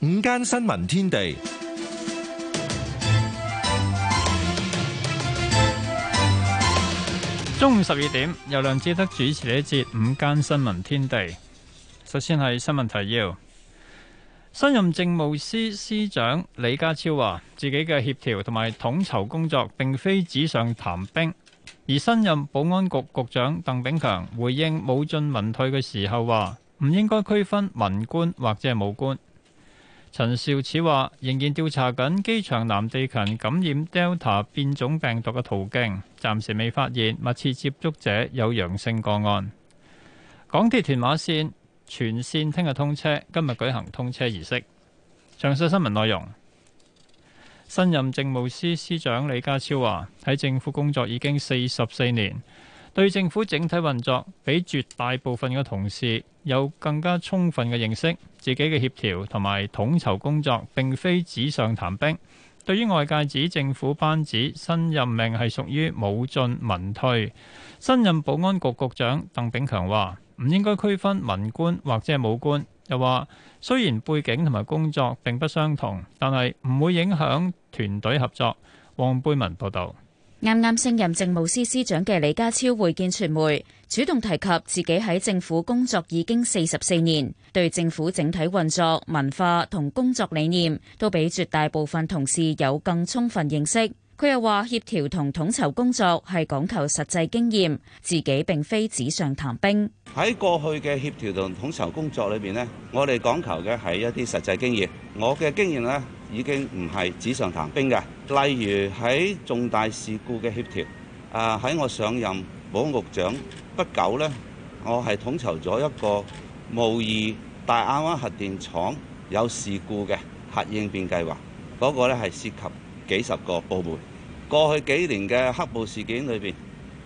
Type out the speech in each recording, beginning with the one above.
午間新聞天地，中午十二點，由梁志德主持呢一節午間新聞天地。首先係新聞提要，新任政務司司長李家超話自己嘅協調同埋統籌工作，並非紙上談兵。而新任保安局局長鄧炳強回應武進文退嘅時候，話唔應該區分文官或者係武官。陳肇始話：仍然調查緊機場南地勤感染 Delta 變種病毒嘅途徑，暫時未發現密切接觸者有陽性個案。港鐵屯馬線全線聽日通車，今日舉行通車儀式。詳細新聞內容。新任政務司司長李家超話：喺政府工作已經四十四年。對政府整體運作，比絕大部分嘅同事有更加充分嘅認識，自己嘅協調同埋統籌工作並非紙上談兵。對於外界指政府班子新任命係屬於武進文退，新任保安局局長鄧炳強話唔應該區分文官或者武官，又話雖然背景同埋工作並不相同，但係唔會影響團隊合作。黃貝文報導。啱啱升任政務司司長嘅李家超會見傳媒，主動提及自己喺政府工作已經四十四年，對政府整體運作文化同工作理念都比絕大部分同事有更充分認識。佢又話協調同統籌工作係講求實際經驗，自己並非紙上談兵。喺過去嘅協調同統籌工作裏邊呢，我哋講求嘅係一啲實際經驗。我嘅經驗呢。已經唔係紙上談兵嘅，例如喺重大事故嘅協調，啊喺我上任保安局長不久呢，我係統籌咗一個模擬大亞灣核電廠有事故嘅核應變計劃，嗰個呢係涉及幾十個部門。過去幾年嘅黑暴事件裏邊，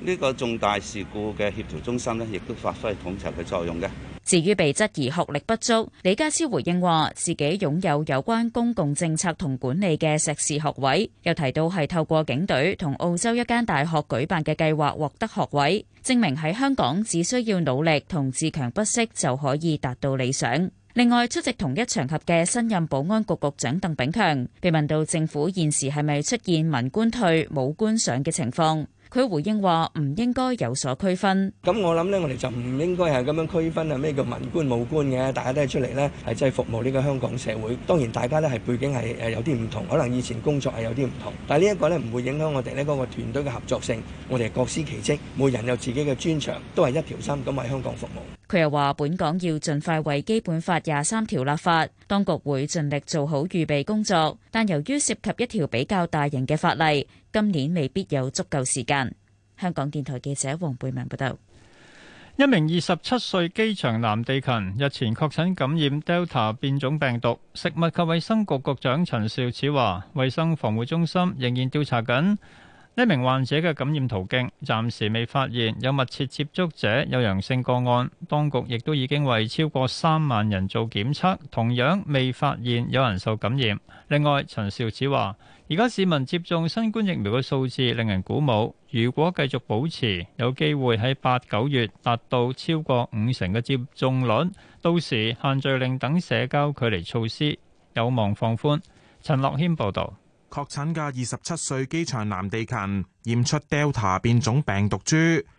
呢個重大事故嘅協調中心呢，亦都發揮統籌嘅作用嘅。至於被質疑學歷不足，李家超回應話：自己擁有有關公共政策同管理嘅碩士學位，又提到係透過警隊同澳洲一間大學舉辦嘅計劃獲得學位，證明喺香港只需要努力同自強不息就可以達到理想。另外出席同一場合嘅新任保安局局長鄧炳強，被問到政府現時係咪出現文官退武官上嘅情況？佢回應話：唔應該有所區分。咁我諗咧，我哋就唔應該係咁樣區分。咩叫文官武官嘅？大家都係出嚟咧，係真係服務呢個香港社會。當然，大家咧係背景係有啲唔同，可能以前工作係有啲唔同，但係呢一個咧唔會影響我哋呢個團隊嘅合作性。我哋各司其職，每人有自己嘅專長，都係一條心咁為香港服務。佢又話：本港要盡快為《基本法》廿三條立法，當局會盡力做好預備工作，但由於涉及一條比較大型嘅法例，今年未必有足夠時間。香港電台記者黃貝文報道：「一名二十七歲機場男地勤日前確診感染 Delta 變種病毒，食物及衛生局局長陳肇始話：衛生防護中心仍然調查緊。一名患者嘅感染途徑暫時未發現，有密切接觸者有陽性個案，當局亦都已經為超過三萬人做檢測，同樣未發現有人受感染。另外，陳肇始話：而家市民接種新冠疫苗嘅數字令人鼓舞，如果繼續保持，有機會喺八九月達到超過五成嘅接種率，到時限聚令等社交距離措施有望放寬。陳樂軒報導。確診嘅二十七歲機場男地勤驗出 Delta 變種病毒株，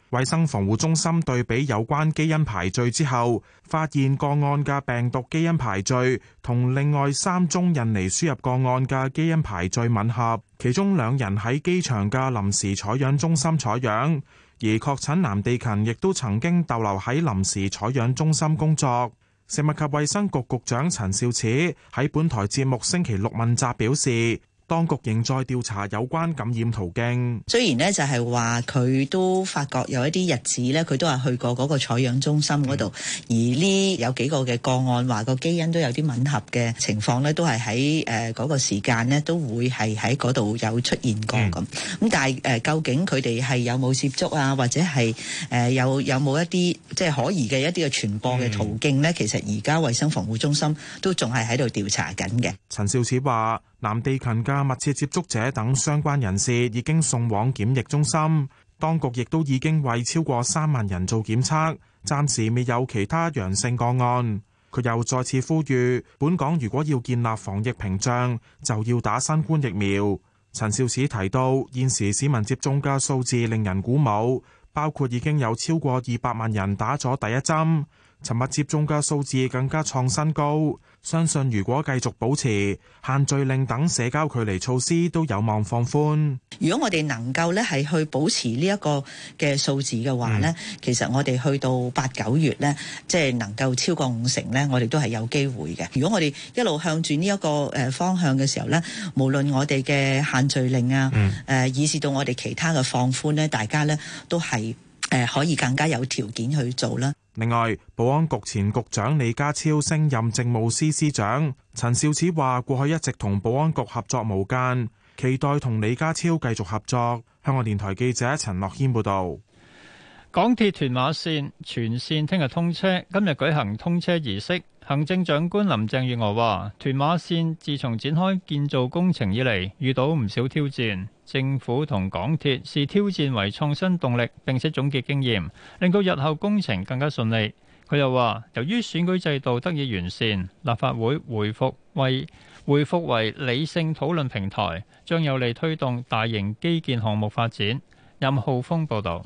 衛生防護中心對比有關基因排序之後，發現個案嘅病毒基因排序同另外三宗印尼輸入個案嘅基因排序吻合。其中兩人喺機場嘅臨時採樣中心採樣，而確診男地勤亦都曾經逗留喺臨時採樣中心工作。食物及衛生局局長陳肇始喺本台節目星期六問責表示。.當局仍在調查有關感染途徑。雖然呢，就係話佢都發覺有一啲日子呢佢都係去過嗰個採樣中心嗰度。嗯、而呢有幾個嘅個，個案話個基因都有啲吻合嘅情況呢都係喺誒嗰個時間呢都會係喺嗰度有出現過咁。咁、嗯、但係究竟佢哋係有冇接觸啊，或者係誒有有冇一啲即係可疑嘅一啲嘅傳播嘅途徑呢？嗯、其實而家衛生防護中心都仲係喺度調查緊嘅。陳肇始話。南地勤嘅密切接觸者等相關人士已經送往檢疫中心，當局亦都已經為超過三萬人做檢測，暫時未有其他陽性個案。佢又再次呼籲，本港如果要建立防疫屏障，就要打新冠疫苗。陳肇始提到，現時市民接種嘅數字令人鼓舞，包括已經有超過二百萬人打咗第一針。尋日接種嘅數字更加創新高，相信如果繼續保持限聚令等社交距離措施都有望放寬。如果我哋能夠咧係去保持呢一個嘅數字嘅話咧，嗯、其實我哋去到八九月咧，即係能夠超過五成咧，我哋都係有機會嘅。如果我哋一路向住呢一個方向嘅時候咧，無論我哋嘅限聚令啊，嗯、以至到我哋其他嘅放寬咧，大家咧都係可以更加有條件去做啦。另外，保安局前局長李家超升任政務司司長，陳肇始話過去一直同保安局合作無間，期待同李家超繼續合作。香港電台記者陳樂謙報道。港鐵屯馬綫全綫聽日通車，今日舉行通車儀式。行政長官林鄭月娥話，屯馬綫自從展開建造工程以嚟，遇到唔少挑戰。政府同港鐵視挑戰為創新動力，並且總結經驗，令到日後工程更加順利。佢又話，由於選舉制度得以完善，立法會回復為回復為理性討論平台，將有利推動大型基建項目發展。任浩峰報導。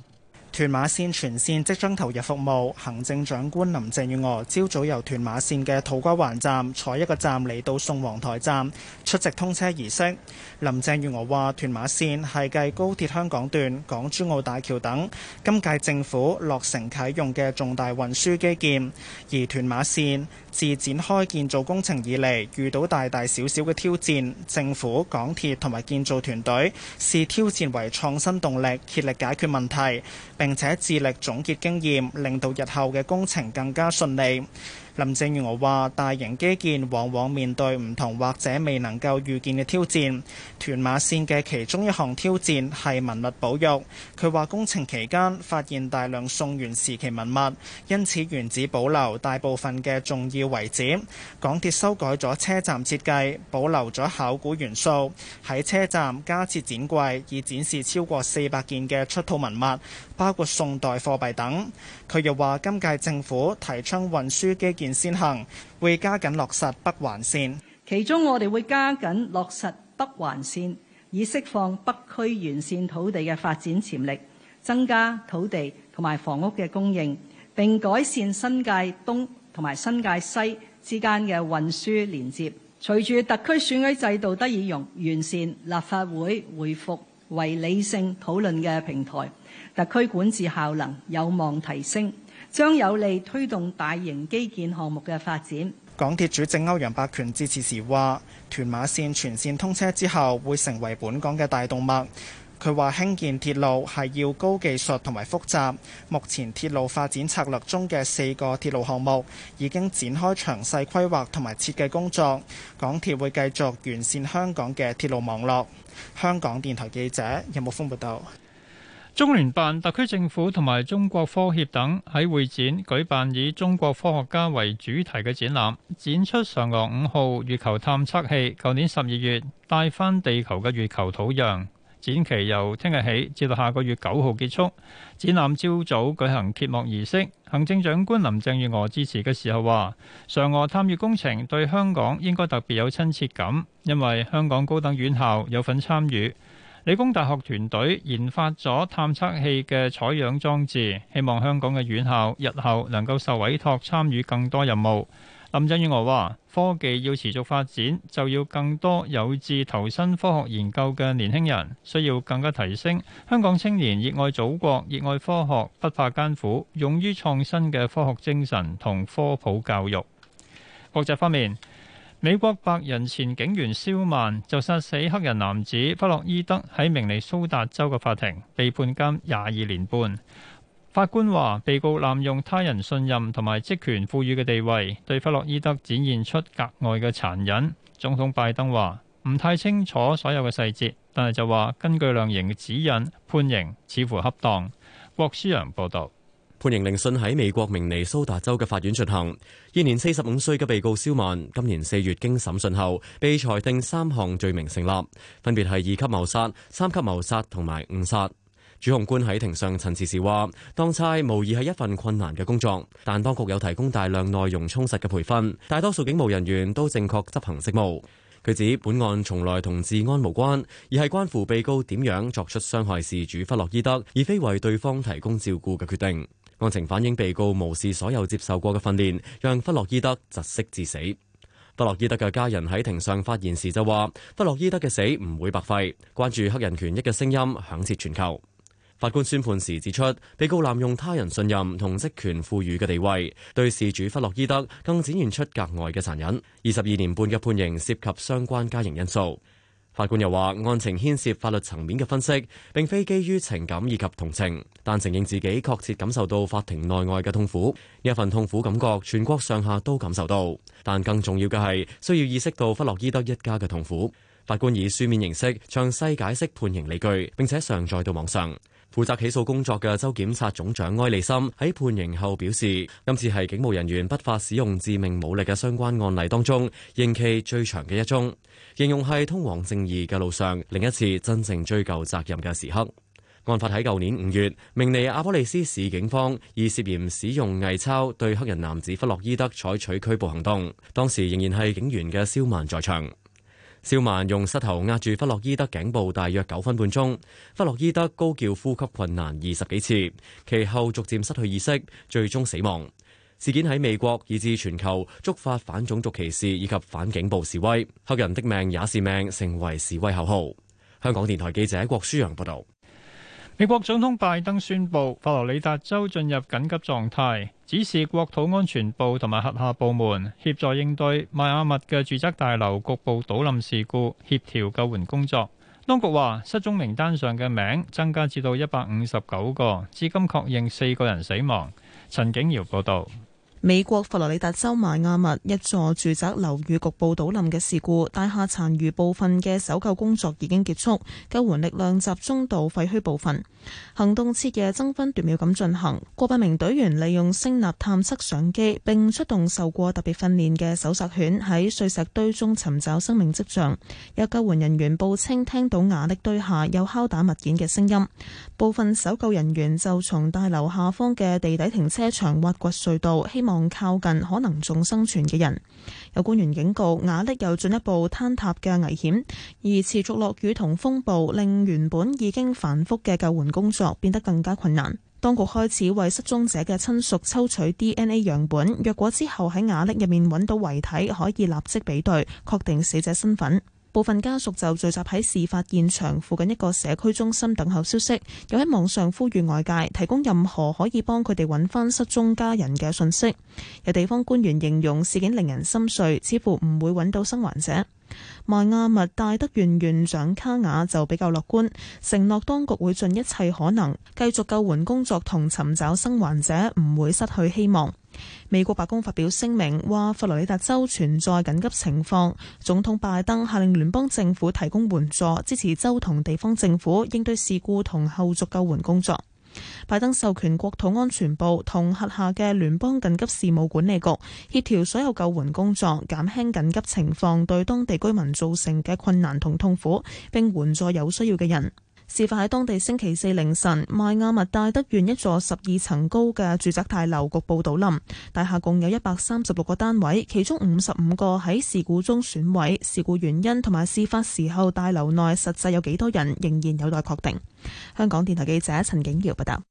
屯馬線全線即將投入服務，行政長官林鄭月娥朝早由屯馬線嘅土瓜灣站坐一個站嚟到宋皇台站出席通車儀式。林鄭月娥話：屯馬線係繼高鐵香港段、港珠澳大橋等今屆政府落成啟用嘅重大運輸基建，而屯馬線自展開建造工程以嚟，遇到大大小小嘅挑戰，政府、港鐵同埋建造團隊視挑戰為創新動力，竭力解決問題，並且致力總結經驗，令到日後嘅工程更加順利。林鄭月娥話：大型基建往往面對唔同或者未能夠預見嘅挑戰。屯馬線嘅其中一項挑戰係文物保育。佢話工程期間發現大量宋元時期文物，因此原址保留大部分嘅重要遺址。港鐵修改咗車站設計，保留咗考古元素，喺車站加設展櫃，以展示超過四百件嘅出土文物，包括宋代貨幣等。佢又話今屆政府提倡運輸基建。沿線行會加緊落實北環線，其中我哋會加緊落實北環線，以釋放北區完善土地嘅發展潛力，增加土地同埋房屋嘅供應，並改善新界東同埋新界西之間嘅運輸連接。隨住特區選舉制度得以用完善，立法會回復為理性討論嘅平台，特區管治效能有望提升。將有利推動大型基建項目嘅發展。港鐵主席歐陽伯權致辭時話，屯馬線全線通車之後，會成為本港嘅大動脈。佢話興建鐵路係要高技術同埋複雜。目前鐵路發展策略中嘅四個鐵路項目已經展開詳細規劃同埋設計工作。港鐵會繼續完善香港嘅鐵路網絡。香港電台記者任木風報道。有中聯辦、特區政府同埋中國科協等喺會展舉辦以中國科學家為主題嘅展覽，展出嫦娥五號月球探測器，舊年十二月帶返地球嘅月球土壤。展期由聽日起至到下個月九號結束。展覽朝早舉行揭幕儀式，行政長官林鄭月娥致辭嘅時候話，嫦娥探月工程對香港應該特別有親切感，因為香港高等院校有份參與。理工大學團隊研發咗探測器嘅採樣裝置，希望香港嘅院校日後能夠受委託參與更多任務。林鄭月娥話，科技要持續發展，就要更多有志投身科學研究嘅年輕人，需要更加提升香港青年熱愛祖國、熱愛科學、不怕艱苦、勇於創新嘅科學精神同科普教育。國際方面。美國白人前警員蕭曼就殺死黑人男子弗洛伊德喺明尼蘇達州嘅法庭被判監廿二年半。法官話，被告濫用他人信任同埋職權賦予嘅地位，對弗洛伊德展現出格外嘅殘忍。總統拜登話：唔太清楚所有嘅細節，但係就話根據量刑嘅指引判，判刑似乎恰當。郭書陽報道。判刑聆訊喺美國明尼蘇達州嘅法院進行。現年四十五歲嘅被告肖曼，今年四月經審訊後被裁定三項罪名成立，分別係二級謀殺、三級謀殺同埋誤殺。主控官喺庭上陳詞時話，當差無疑係一份困難嘅工作，但當局有提供大量內容充實嘅培訓，大多數警務人員都正確執行職務。佢指本案從來同治安無關，而係關乎被告點樣作出傷害事主弗洛伊德，而非為對方提供照顧嘅決定。案情反映被告無視所有接受過嘅訓練，讓弗洛伊德窒息致死。弗洛伊德嘅家人喺庭上發言時就話：弗洛伊德嘅死唔會白費，關注黑人權益嘅聲音響徹全球。法官宣判時指出，被告濫用他人信任同職權賦予嘅地位，對事主弗洛伊德更展現出格外嘅殘忍。二十二年半嘅判刑涉及相關加刑因素。法官又話：案情牽涉法律層面嘅分析，並非基於情感以及同情，但承認自己確切感受到法庭內外嘅痛苦。呢一份痛苦感覺，全國上下都感受到。但更重要嘅係，需要意識到弗洛伊德一家嘅痛苦。法官以書面形式詳細解釋判刑理據，並且上載到網上。負責起訴工作嘅州檢察總長埃利森喺判刑後表示：今次係警務人員不法使用致命武力嘅相關案例當中，刑期最長嘅一宗。形容係通往正義嘅路上，另一次真正追究責任嘅時刻。案發喺舊年五月，明尼阿波利斯市警方以涉嫌使用偽鈔對黑人男子弗洛伊德採取拘捕行動，當時仍然係警員嘅肖曼在場。肖曼用膝頭壓住弗洛伊德頸部大約九分半鐘，弗洛伊德高叫呼吸困難二十幾次，其後逐漸失去意識，最終死亡。事件喺美國以至全球觸發反種族歧視以及反警暴示威，黑人的命也是命成為示威口號。香港電台記者郭舒揚報道。美國總統拜登宣布佛羅里達州進入緊急狀態，指示國土安全部同埋核下部門協助應對邁阿密嘅住宅大樓局部倒冧事故，協調救援工作。當局話失蹤名單上嘅名增加至到一百五十九個，至今確認四個人死亡。陳景瑤報道。美國佛羅里達州馬亞密一座住宅樓宇局，局部倒冧嘅事故，大廈殘餘部分嘅搜救工作已經結束，救援力量集中到廢墟部分，行動徹夜爭分奪秒咁進行。過百名隊員利用聲納探測相機，並出動受過特別訓練嘅搜查犬喺碎石堆中尋找生命跡象。有救援人員報稱聽到瓦礫堆下有敲打物件嘅聲音，部分搜救人員就從大樓下方嘅地底停車場挖掘隧道，希望靠近可能仲生存嘅人，有官員警告瓦礫有進一步坍塌嘅危險，而持續落雨同風暴令原本已經繁複嘅救援工作變得更加困難。當局開始為失蹤者嘅親屬抽取 DNA 樣本，若果之後喺瓦礫入面揾到遺體，可以立即比對，確定死者身份。部分家屬就聚集喺事發現場附近一個社區中心等候消息，又喺網上呼籲外界提供任何可以幫佢哋揾返失蹤家人嘅訊息。有地方官員形容事件令人心碎，似乎唔會揾到生還者。邁亞密大德院院長卡瓦就比較樂觀，承諾當局會盡一切可能繼續救援工作同尋找生還者，唔會失去希望。美國白宮發表聲明話，佛羅里達州存在緊急情況，總統拜登下令聯邦政府提供援助，支持州同地方政府應對事故同後續救援工作。拜登授權國土安全部同轄下嘅聯邦緊急事務管理局協調所有救援工作，減輕緊急情況對當地居民造成嘅困難同痛苦，並援助有需要嘅人。事發喺當地星期四凌晨，邁亞密戴德縣一座十二層高嘅住宅大樓局部倒冧，大廈共有一百三十六個單位，其中五十五個喺事故中損毀。事故原因同埋事發時候大樓內實際有幾多人，仍然有待確定。香港電台記者陳景瑤報道。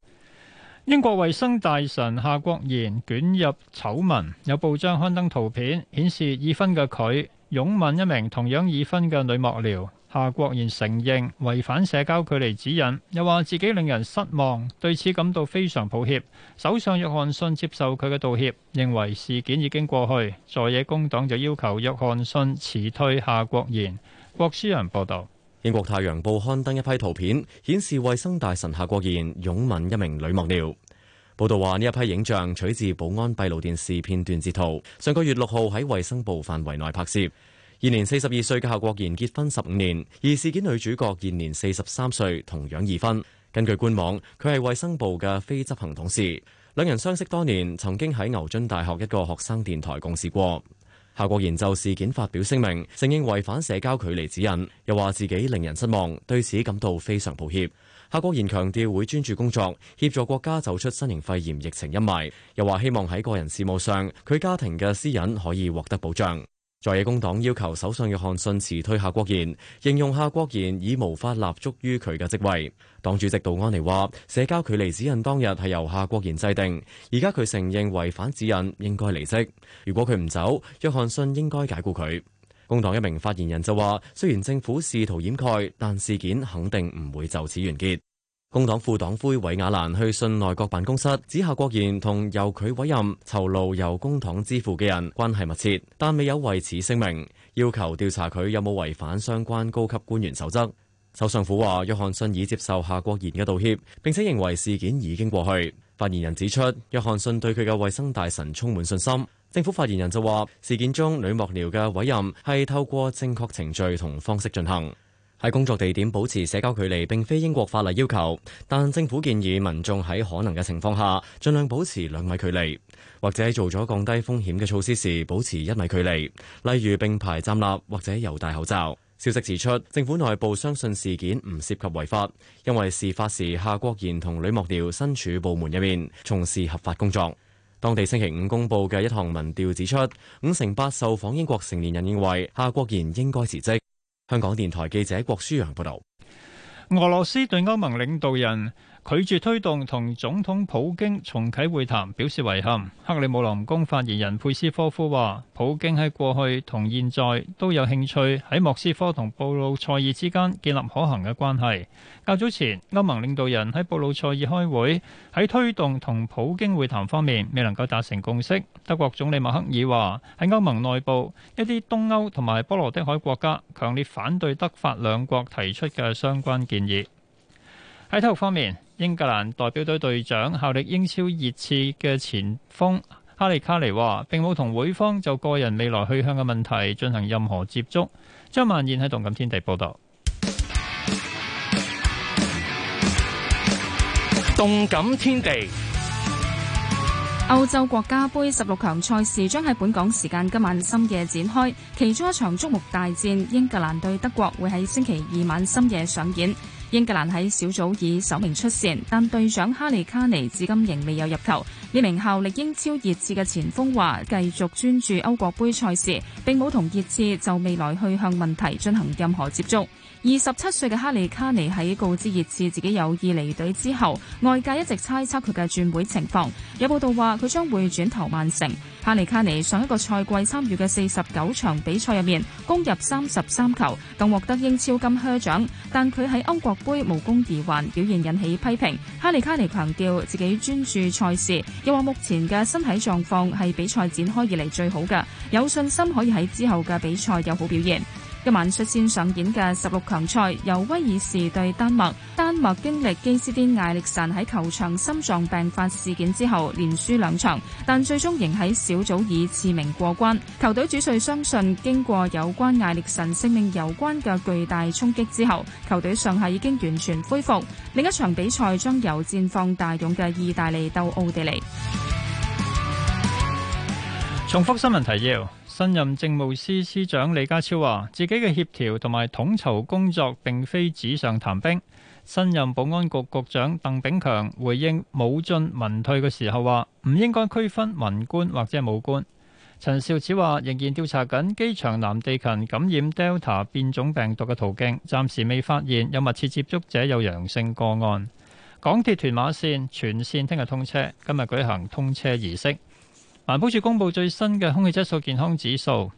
英國衛生大臣夏國賢捲入醜聞，有報章刊登圖片顯示，已婚嘅佢擁吻一名同樣已婚嘅女幕僚。夏國賢承認違反社交距離指引，又話自己令人失望，對此感到非常抱歉。首相約翰遜接受佢嘅道歉，認為事件已經過去。在野工黨就要求約翰遜辭退夏國賢。郭書人報道。英國《太陽報》刊登一批圖片，顯示衛生大臣夏國賢擁吻一名女幕僚。報道話呢一批影像取自保安閉路電視片段截圖，上個月六號喺衛生部範圍內拍攝。現年四十二歲嘅夏國賢結婚十五年，而事件女主角現年四十三歲，同樣已婚。根據官網，佢係衛生部嘅非執行董事。兩人相識多年，曾經喺牛津大學一個學生電台共事過。夏國賢就事件發表聲明，承認違反社交距離指引，又話自己令人失望，對此感到非常抱歉。夏國賢強調會專注工作，協助國家走出新型肺炎疫情陰霾，又話希望喺個人事務上，佢家庭嘅私隱可以獲得保障。在野工黨要求首相約翰遜辭退夏國賢，形容夏國賢已無法立足於佢嘅職位。黨主席杜安妮話：社交距離指引當日係由夏國賢制定，而家佢承認違反指引，應該離職。如果佢唔走，約翰遜應該解僱佢。工黨一名發言人就話：雖然政府試圖掩蓋，但事件肯定唔會就此完結。工黨副黨魁韋亞蘭去信內閣辦公室，指夏國賢同由佢委任酬勞由工黨支付嘅人關係密切，但未有為此聲明，要求調查佢有冇違反相關高級官員守則。首相府話，約翰遜已接受夏國賢嘅道歉，並且認為事件已經過去。發言人指出，約翰遜對佢嘅衛生大臣充滿信心。政府發言人就話，事件中女幕僚嘅委任係透過正確程序同方式進行。喺工作地點保持社交距離並非英國法例要求，但政府建議民眾喺可能嘅情況下，盡量保持兩米距離，或者做咗降低風險嘅措施時保持一米距離，例如並排站立或者又戴口罩。消息指出，政府內部相信事件唔涉及違法，因為事發時夏國賢同呂莫調身處部門入面，從事合法工作。當地星期五公布嘅一項民調指出，五成八受訪英國成年人認為夏國賢應該辭職。香港電台記者郭書揚報道，俄羅斯對歐盟領導人拒絕推動同總統普京重啟會談，表示遺憾。克里姆林宮發言人佩斯科夫話，普京喺過去同現在都有興趣喺莫斯科同布魯塞爾之間建立可行嘅關係。較早前歐盟領導人喺布魯塞爾開會，喺推動同普京會談方面未能夠達成共識。德國總理默克爾話，喺歐盟內部一啲東歐同埋波羅的海國家強烈反對德法兩國提出嘅相關建議。喺體育方面。英格蘭代表隊隊長、效力英超熱刺嘅前鋒哈利卡尼話，並冇同會方就個人未來去向嘅問題進行任何接觸。張曼燕喺動感天地報道。動感天地，歐洲國家盃十六強賽事將喺本港時間今晚深夜展開，其中一場矚目大戰，英格蘭對德國會喺星期二晚深夜上演。英格蘭喺小組以首名出線，但隊長哈利卡尼至今仍未有入球。呢名效力英超熱刺嘅前鋒話，繼續專注歐國杯賽事，並冇同熱刺就未來去向問題進行任何接觸。二十七歲嘅哈利卡尼喺告知熱刺自己有意離隊之後，外界一直猜測佢嘅轉會情況。有報道話佢將會轉投曼城。哈利卡尼上一個賽季參與嘅四十九場比賽入面，攻入三十三球，更獲得英超金靴獎。但佢喺歐國杯無功而還，表現引起批評。哈利卡尼強調自己專注賽事，又話目前嘅身體狀況係比賽展開以嚟最好嘅，有信心可以喺之後嘅比賽有好表現。今晚率先上演嘅十六強賽，由威爾士對丹麥。丹麥經歷基斯丁艾力神喺球場心臟病發事件之後，連輸兩場，但最終仍喺小組以次名過關。球隊主帥相信，經過有關艾力神性命攸關嘅巨大衝擊之後，球隊上下已經完全恢復。另一場比賽將由戰況大勇嘅意大利鬥奧地利。重複新聞提要。新任政務司司長李家超話自己嘅協調同埋統籌工作並非紙上談兵。新任保安局局長鄧炳強回應武進文退嘅時候話唔應該區分文官或者武官。陳肇始話仍然調查緊機場南地勤感染 Delta 變種病毒嘅途徑，暫時未發現有密切接觸者有陽性個案。港鐵屯馬線全線聽日通車，今日舉行通車儀式。環保署公布最新嘅空氣質素健康指數，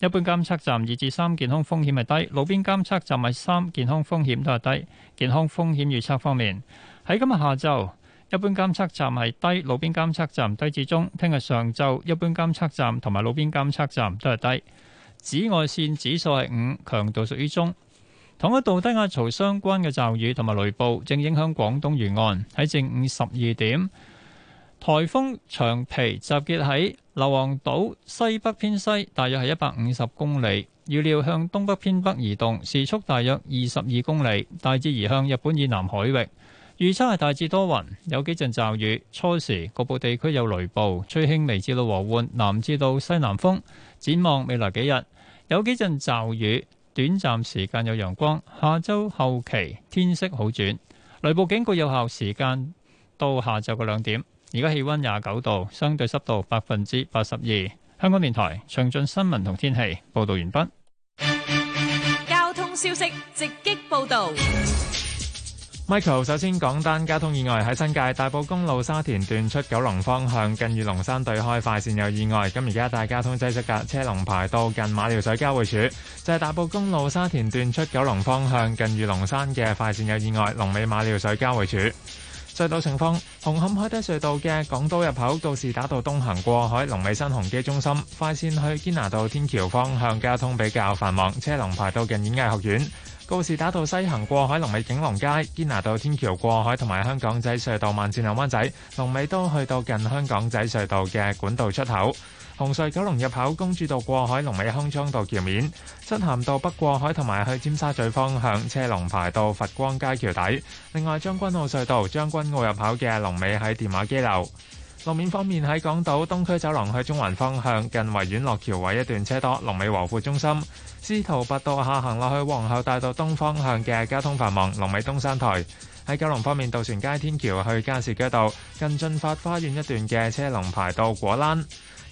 一般監測站二至三，健康風險係低，路邊監測站係三，健康風險都係低。健康風險預測方面，喺今日下晝，一般監測站係低，路邊監測站低至中。聽日上晝，一般監測站同埋路邊監測站都係低。紫外線指數係五，強度屬於中。同一度低壓槽相關嘅驟雨同埋雷暴正影響廣東沿岸。喺正午十二點。颱風長皮集結喺硫磺島西北偏西，大約係一百五十公里，預料向東北偏北移動，時速大約二十二公里，大致移向日本以南海域。預測係大致多雲，有幾陣驟雨，初時局部地區有雷暴，吹輕微至到和緩南至到西南風。展望未來幾日有幾陣驟雨，短暫時間有陽光。下周後期天色好轉，雷暴警告有效時間到下晝嘅兩點。而家氣溫廿九度，相對濕度百分之八十二。香港電台詳盡新聞同天氣報導完畢。交通消息直擊報導。Michael 首先講單交通意外，喺新界大埔公路沙田段出九龍方向近御龍山對開快線有意外，咁而家大交通擠塞，架車龍排到近馬料水交匯處，就係大埔公路沙田段出九龍方向近御龍山嘅快線有意外，龍尾馬料水交匯處。隧道情況：紅磡海底隧道嘅港島入口，告士打道東行過海，龍尾新鴻基中心快線去堅拿道天橋方向交通比較繁忙，車龍排到近演藝學院；告士打道西行過海，龍尾景隆街堅拿道天橋過海同埋香港仔隧道慢線南灣仔龍尾都去到近香港仔隧道嘅管道出口。紅隧九龍入口，公主道過海，龍尾康莊道橋面；漆咸道北過海同埋去尖沙咀方向，車龍排到佛光街橋底。另外，將軍澳隧道將軍澳入口嘅龍尾喺電話機樓。路面方面，喺港島東區走廊去中環方向，近維園落橋位一段車多，龍尾和富中心。司徒拔道下行落去皇后大道東方向嘅交通繁忙，龍尾東山台。喺九龍方面，渡船街天橋去加士居道近駿發花園一段嘅車龍排到果欄。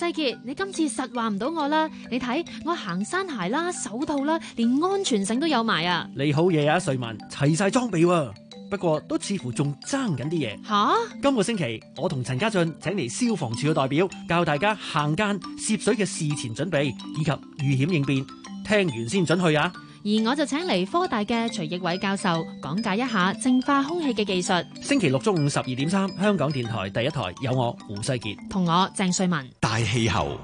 世杰，你今次實話唔到我啦！你睇我行山鞋啦、手套啦，連安全繩都有埋啊！你好嘢啊，瑞文，齊晒裝備啊，不過都似乎仲爭緊啲嘢。吓，今個星期我同陳家俊請嚟消防處嘅代表，教大家行澗涉水嘅事前準備以及遇險應變，聽完先准去啊！而我就請嚟科大嘅徐奕偉教授講解一下淨化空氣嘅技術。星期六中午十二點三，香港電台第一台有我胡世杰同我鄭瑞文。大氣候，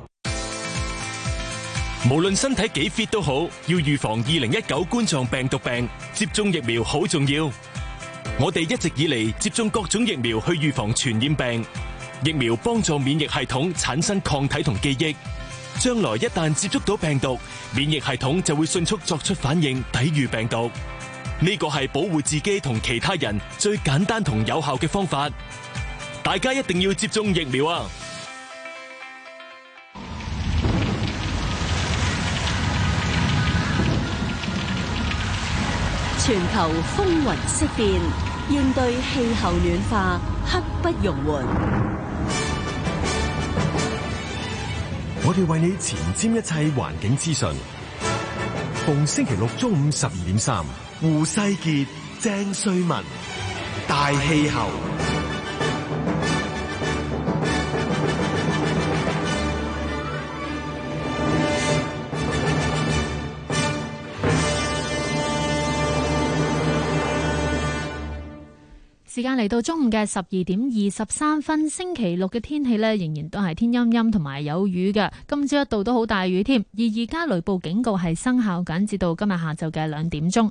無論身體幾 fit 都好，要預防二零一九冠狀病毒病，接種疫苗好重要。我哋一直以嚟接種各種疫苗去預防傳染病。疫苗幫助免疫系統產生抗體同記憶，將來一旦接觸到病毒，免疫系統就會迅速作出反應，抵禦病毒。呢個係保護自己同其他人最簡單同有效嘅方法。大家一定要接種疫苗啊！全球風雲色變。應對氣候暖化，刻不容緩。我哋為你前瞻一切環境資訊，逢星期六中午十二點三，胡世杰、鄭瑞文，大氣候。時間嚟到中午嘅十二點二十三分，星期六嘅天氣呢，仍然都係天陰陰同埋有雨嘅，今朝一度都好大雨添。而而家雷暴警告係生效緊，至到今日下晝嘅兩點鐘。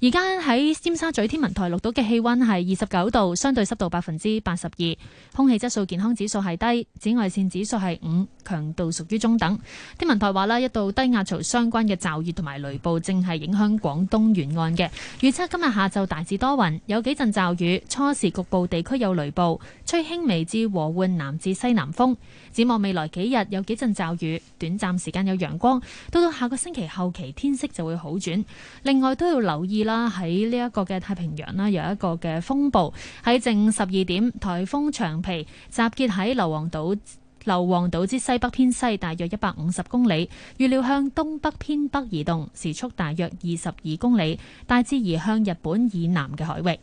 而家喺尖沙咀天文台錄到嘅氣溫係二十九度，相對濕度百分之八十二，空氣質素健康指數係低，紫外線指數係五，強度屬於中等。天文台話啦，一道低壓槽相關嘅驟雨同埋雷暴正係影響廣東沿岸嘅預測，今日下晝大致多雲，有幾陣驟雨，初時局部地區有雷暴，吹輕微至和緩南至西南風。展望未來幾日有幾陣驟雨，短暫時間有陽光，到到下個星期後期天色就會好轉。另外都要留意啦，喺呢一個嘅太平洋啦有一個嘅風暴，喺正午十二點，颱風長皮集結喺硫磺島硫磺島之西北偏西，大約一百五十公里，預料向東北偏北移動，時速大約二十二公里，大致移向日本以南嘅海域。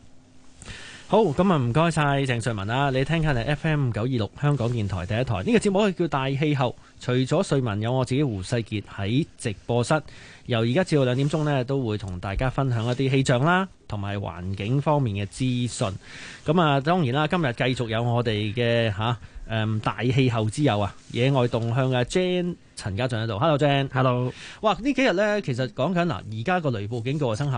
好，咁啊唔該晒鄭瑞文啦，你聽下嚟 FM 九二六香港電台第一台呢個節目叫大氣候，除咗瑞文有我自己胡世杰喺直播室，由而家至到兩點鐘咧都會同大家分享一啲氣象啦，同埋環境方面嘅資訊。咁啊，當然啦，今日繼續有我哋嘅吓誒大氣候之友啊，野外動向啊，Jane 陳家俊喺度，Hello Jane，Hello。Hello. 哇，呢幾日咧其實講緊嗱，而家個雷暴警告生效。